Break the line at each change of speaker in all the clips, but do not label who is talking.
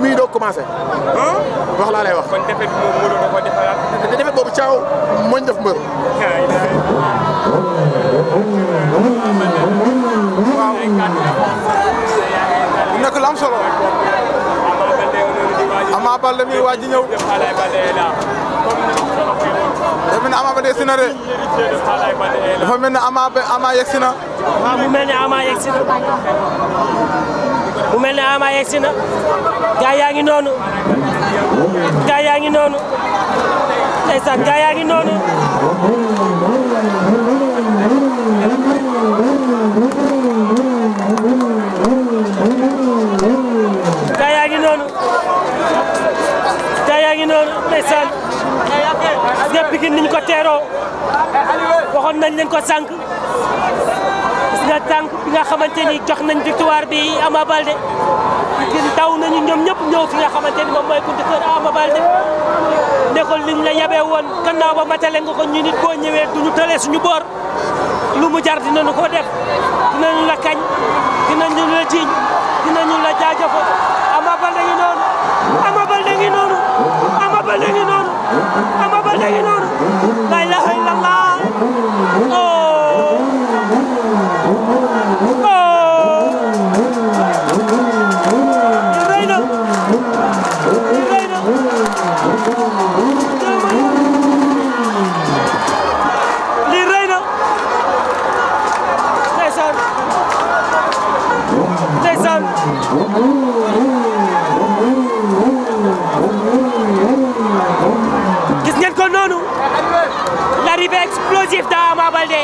mi ngi doog commencé. wax laa lay wax. kon defet moom mënu nga ko defaraat. te defet boobu caaw solo. Ama Baldé mi waa ñëw. dafa mel ne Ama na de. dafa mel ne Ama Ama yegsi na. waaw mu mel ne Ama mu mel ne Ama yegsi na gaa yaa ngi noonu gaa yaa ngi noonu ndeysaan gaa yaa ngi noonu gaa yaa ngi noonu gaa yaa ngi noonu ndeysaan parce que Pikine niñ ko teeroo waxoon nañ leen ko sànq la tànk bi nga xamante ni jox nañ victoire bi Ama Baldé ngir daw nañu ñoom ñëpp ñëw fi nga xamante ni moom mooy buntu kër Ama de ne ko liñ la yabee woon gannaaw ba matale nga ko ñu nit boo ñëwee ñu tëlee suñu boor lu mu jar dinañu ko def ñu la kañ dina dinañu la jiiñ dinañu la jaajëfal Ama Baldé ngi noonu Ama Baldé ngi noonu gis ngeen ko noonu l'arrivée explosive d'Ama Baldé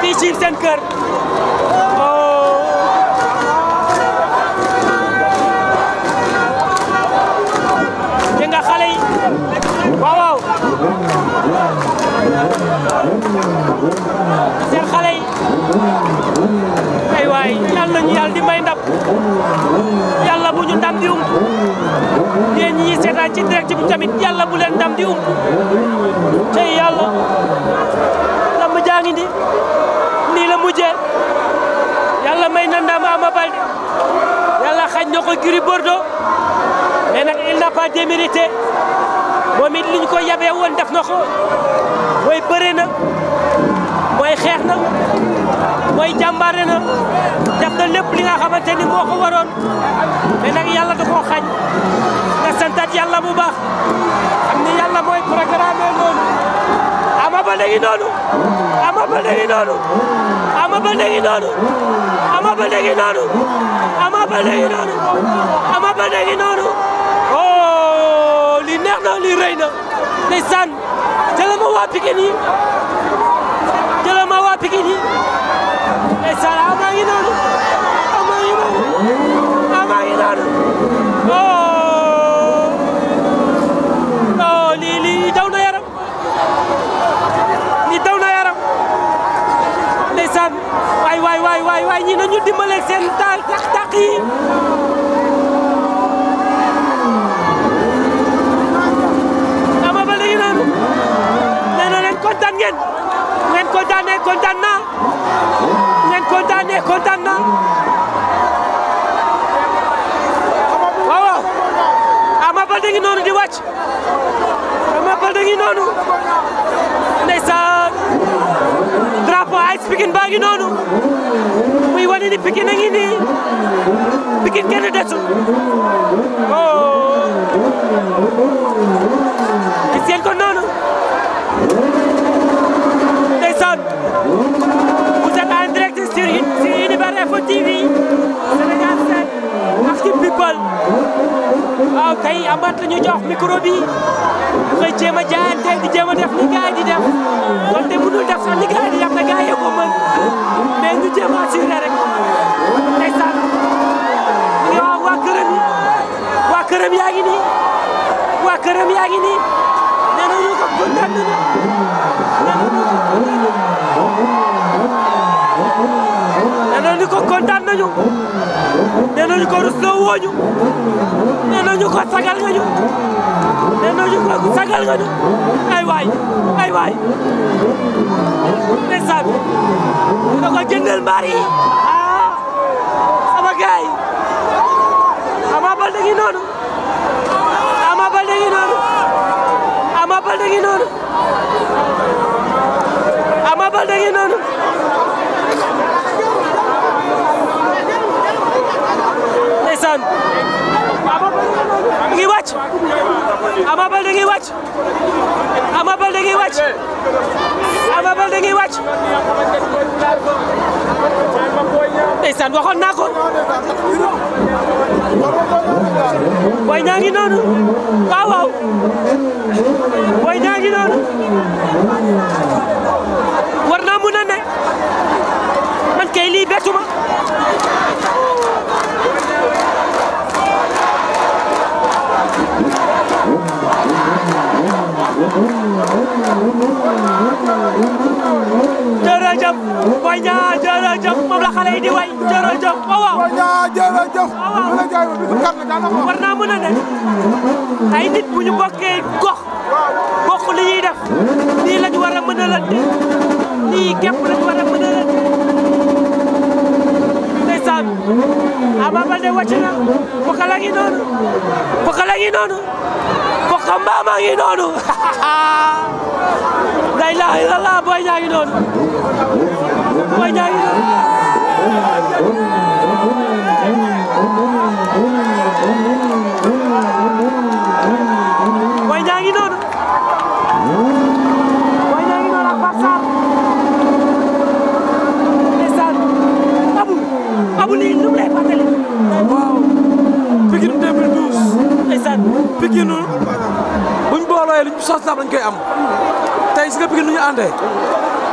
fii ci seen kër di oh. nga waaw waaw yàlla bu ñu ndam di ump yéen ñi seetaan ci direct bi tamit yàlla bu leen ndam di ump tey yàlla ndam jaa ngi nii la mujjee yàlla may na ndam Ama Baldé yàlla xaj na ko Gris Bordeaux mais nag il n'a pas démérité moom it li ñu ko yabee woon def na ko mooy bëre na mooy xeex na. mooy jàmbaare na def na lépp li nga xamante ni moo ko waroon mais nag yàlla da koo xañ nga santat yàlla bu baax xam ni yàlla mooy programme noonu ama ama ba léegi ama ba léegi noonu ama ba oh, na li rëy na ndeysaan jëlama waa Pikine yi ndeysaan amaa ngi noonu amaa ngi oh. oh, noonu amaa ngi yaram lii daw yaram ndeysaan waay waay waay waay waay ñii nañu dimbaleeg seen taal taq-taq yi ama ba léegi noonu nee na leen kontaan ngeen ngeen kontaan ne kontaan na wàcc Ama Baldé ngi noonu ndeysaan drapeau AS Pikine baa ngi noonu muy wane ni Pikine a ngi nii Pikine kenn desul oh waaw kay amat la ñu jox micro bi dafay jéem a jaayante di jéem a def ni gars di def wante mënul def sax ni gars di def na gars yi ko mën mais ñu jéem a assuré rek ndeysaan mu ngi waaw waa waa këram yaa ngi nii waa këram yaa ngi nii nee ko kontaan nañu nee nañu ko rusloo wooñu nee nañu ko sagal nga ñu nee nañu sagal nga ay waay ay waay ndeysaan bi da ko jëndal mbaar yi ah sama Ama Baldé ngi noonu Ama Baldé ngi noonu Ama Baldé ngi noonu Ama Baldé ngi noonu Ama Baldé ngi wàcc Ama Baldé ngi wàcc Ama Baldé ngi wàcc ndeysaan waxoon naa ko Boy Niang ngi noonu waaw waaw Boy ngi noonu war naa mun a ne man kay lii bettuma Boy Niang jërëjëf moom la xale yi di way jërëjëf waaw waaw. Boy Niang jërëjëf. waaw waaw war naa mën a ne ay nit bu ñu bokkee gox bokk li ñuy def nii lañu war a mën a la nii képp lañu war a mën a la ndeysaan Ama Baldé wàcc na Pokola ngi noonu Pokola ngi noonu Poko Mbama ngi noonu la ilaha illallah Boy Niang ngi noonu Boy Niang ngi noonu Boy Niang ngi noonu Boy Niang ngi noonu ak Pape Sarr ndeysaan abu abu lii nu mu lay fàttali waaw Pikine 2012 ndeysaan Pikine buñ booloo luñ sos lañ koy am gis nga Pikine nu ñu àndee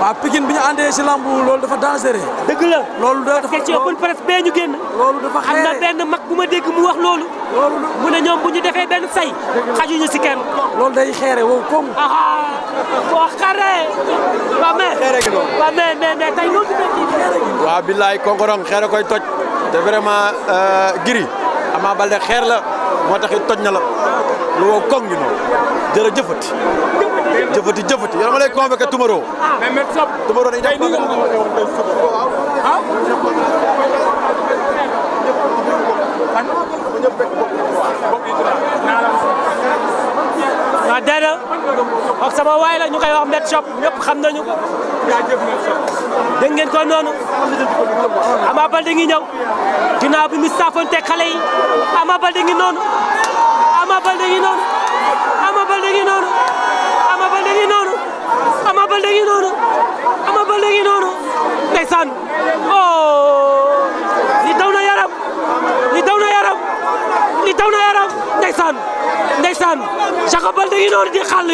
waaw Pikine bi ñu àndee si lambu loolu dafa dangereux. dëgg la loolu dafa ci open press bee ñu génn. loolu dafa xeere am na mag bu ma dégg mu wax loolu. loolu la mu ne defee benn say. xajuñu si kenn. loolu day xeere wow koŋŋ. boo xaaree. waa mais xeere gi noonu. waa mais billaay konkorong xeere koy toj. te vraiment euh, giri Ama Baldé xeer la moo tax it toj na la lu wow koŋŋ gi noonu jërëjëfati. jëfati jëfati yow ma lay convoqué tomorrow. mais mais sop tomorrow ah? Ah, sama waay la ñu koy wax Med Shop ñëpp xam nañu ko. dégg noonu. Ama Baldé ngi ñëw. ginnaaw bi mu saafoonte xale yi. Ama noonu. Ama Baldé ngi noonu. Ama Baldé ngi noonu. ngi noonu Ama Baldé ngi noonu Ama Baldé ngi noonu ndeysaan oh li daw na yaram li daw na yaram li daw na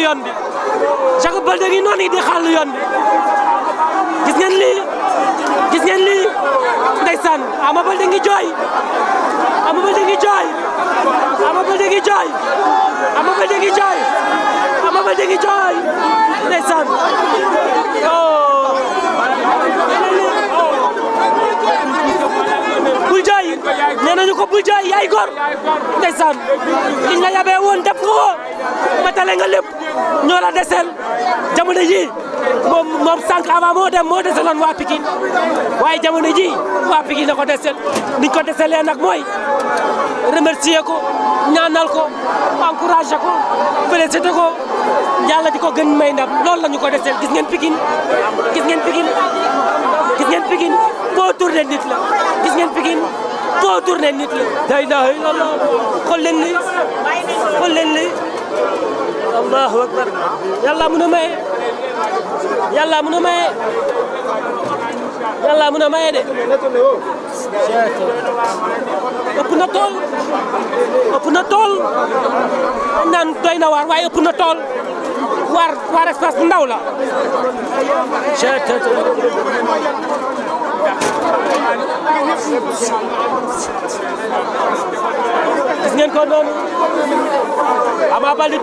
yoon bi Jacob Baldé ngi yoon bi gis ngeen lii jooy Ama Baldé ngi jooy jooy Ama Baldé ngi jooy jooy faru ndeysaan li nga yabee woon def ko matale nga lépp ñoo la desel jamono ji moom moom sànq avant moo dem moo deseloon waa Pikine waaye jamono ji waa Pikine na ko desel niñ ko deselee nag mooy remercier ko ñaanal ko encouragé ko félicité ko yàlla di ko gën may ndam loolu la ko desel gis ngeen Pikine gis ngeen Pikine gis ngeen Pikine boo la gis ngeen Pikine foo tourné nit la. day daay lala xool leen lii allahu akbar yàlla mën a maye yàlla mën a maye yàlla mën a de. ëpp na tool ëpp na tool dañ naan doy na waar waaye ëpp ndaw la. gis ngeen ko noonu Ama Baldé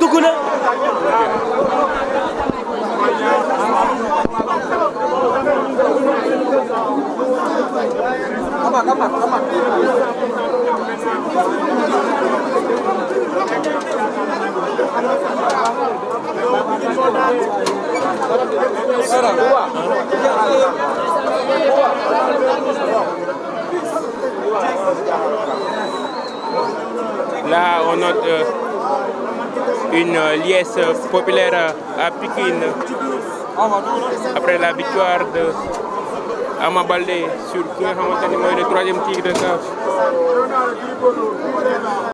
Là, on note euh, une euh, liesse populaire euh, à Pékin après la victoire de Ama Baldé sur ki nga xamante ni mooy le troisième tigre de CAF